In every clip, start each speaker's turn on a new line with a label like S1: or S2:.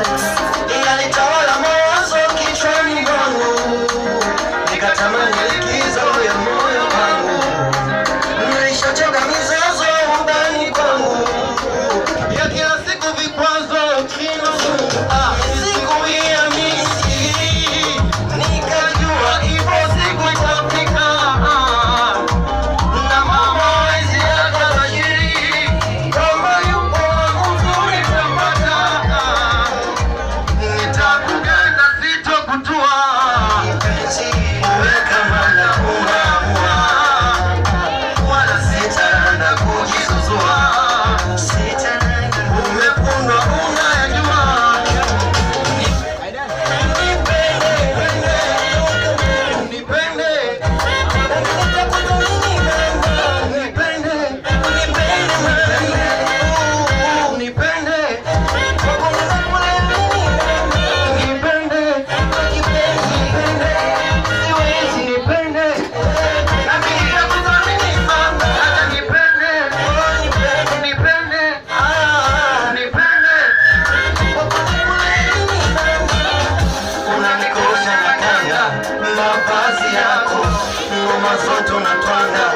S1: Podcast. Bye.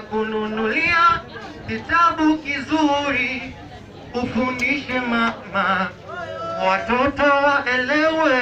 S1: kununulia kitabu kizuri, ufundishe mama, watoto waelewe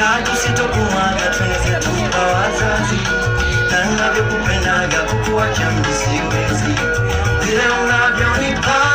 S2: Tatu sitokuaga, tueneze tumba wazazi, na navyokupendaga kukuacha mimi siwezi, vile unavyonipa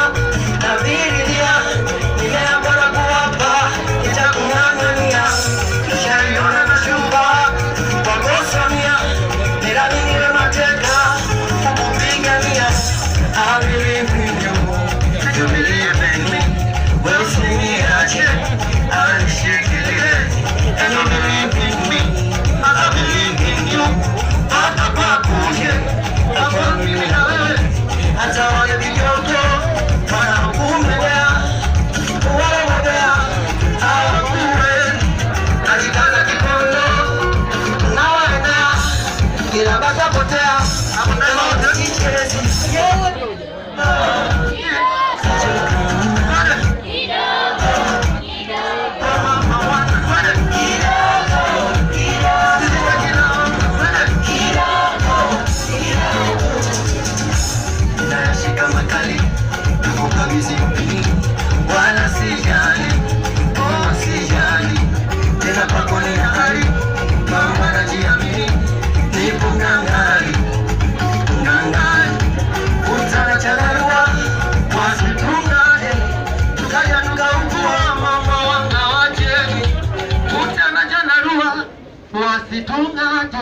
S3: basi tung'ate,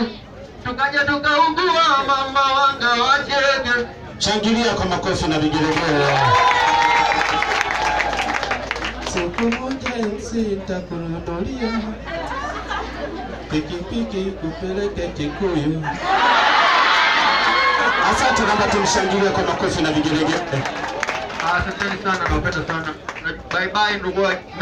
S3: tukaja tukaugua, mama wanga wacheke.
S4: Shangilia kwa makofi na vigelegele.
S5: Siku moja sitakununulia pikipiki kupeleke Kikuyu.
S4: Asante, naomba tumshangilie kwa makofi na vigelegele.
S6: Ah, asanteni sana, nawapenda sana. Bye bye ndugu